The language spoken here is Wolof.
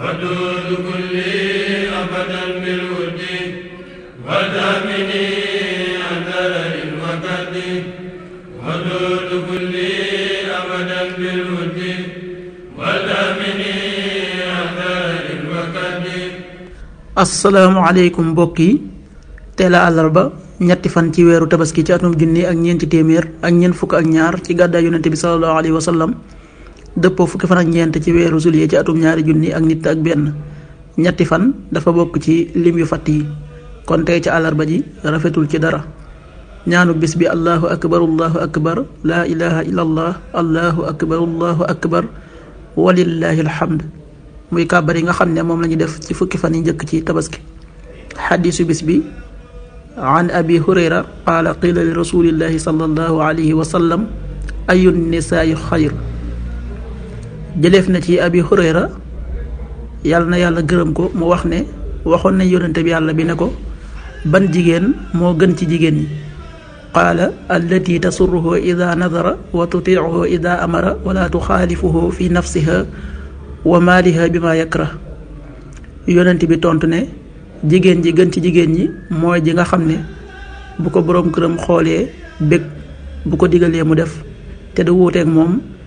ودود كلي أبدا بالود ودامني أدر وكد ودود كلي أبدا بالود ودامني أدر وكد السلام عليكم بوكي تلا الأربعة ñetti fan ci weeru tabaski ci atum junni ak ñeenti téeméer ak ñeen fukk ak ñaar ci gàddaay yonente bi sallallahu alayhi wa dëppoo fukki fan ak ñeent ci weeru juillet ci atum ñaari junni ak nit ak benn ñetti fan dafa bokk ci lim yu fatt yi kon tey ci àllarba ji rafetul ci dara ñaanu bis bi allahu akbar allahu akbar laa ilaha illa allahu akbar akbar walillahi alhamd muy kàbbar yi nga xam ne moom la def ci fukki fan yi njëkk ci tabaski xadisu bis bi an abi hurayra qaala qiila li rasulillahi sallallahu alayhi wa ayu nisaai xayr jëleef na ci abi hurayra yàlla na yàlla gërëm ko mu wax ne waxoon nañ yonente bi yàlla bi ne ko ban jigéen moo gën ci jigéen ñi qaala allati tasurruhu ida nadara wa tutiicuhu ida amara wala tuxaalifuhu fi nafsiha wa maaliha bi ma yakrah yonent bi tontu ne jigéen ji gën ci jigéen ñi mooy ji nga xam ne bu ko boroom këram xoolee bég bu ko digalee mu def te du wuuteeg moom